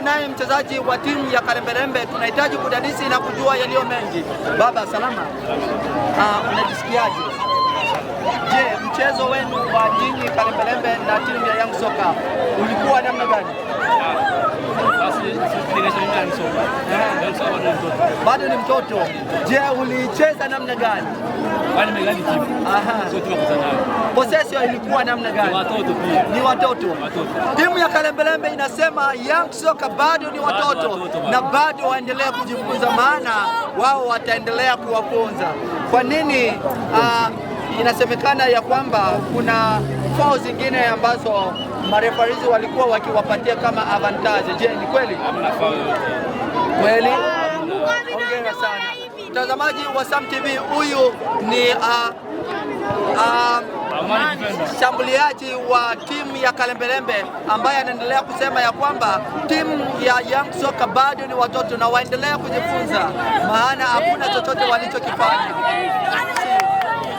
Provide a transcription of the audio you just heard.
naye mchezaji wa timu ya Kalembelembe, tunahitaji kudadisi na kujua yaliyo mengi. Baba salama, ah, unajisikiaje? Je, mchezo wenu wa nyinyi Kalembelembe na timu ya Young Soka ulikuwa namna gani? Bado ni mtoto. Je, ulicheza namna gani? Aha. Posesio ilikuwa namna gani? Watoto pia. Ni watoto. Timu ya Kalembelembe inasema Young Soka bado ni watoto, watoto na bado waendelea kujifunza, maana wao wataendelea kuwafunza. Kwa nini uh, inasemekana ya kwamba kuna fao zingine ambazo marefarizi walikuwa wakiwapatia kama avantage. Je, ni kweli? Kweli? Ah, Hongera sana mtazamaji wa Sam TV, huyu ni uh, mshambuliaji wa timu ya Kalembelembe ambaye anaendelea kusema ya kwamba timu ya Young Soka bado ni watoto na waendelee kujifunza, maana hakuna chochote walichokifanya.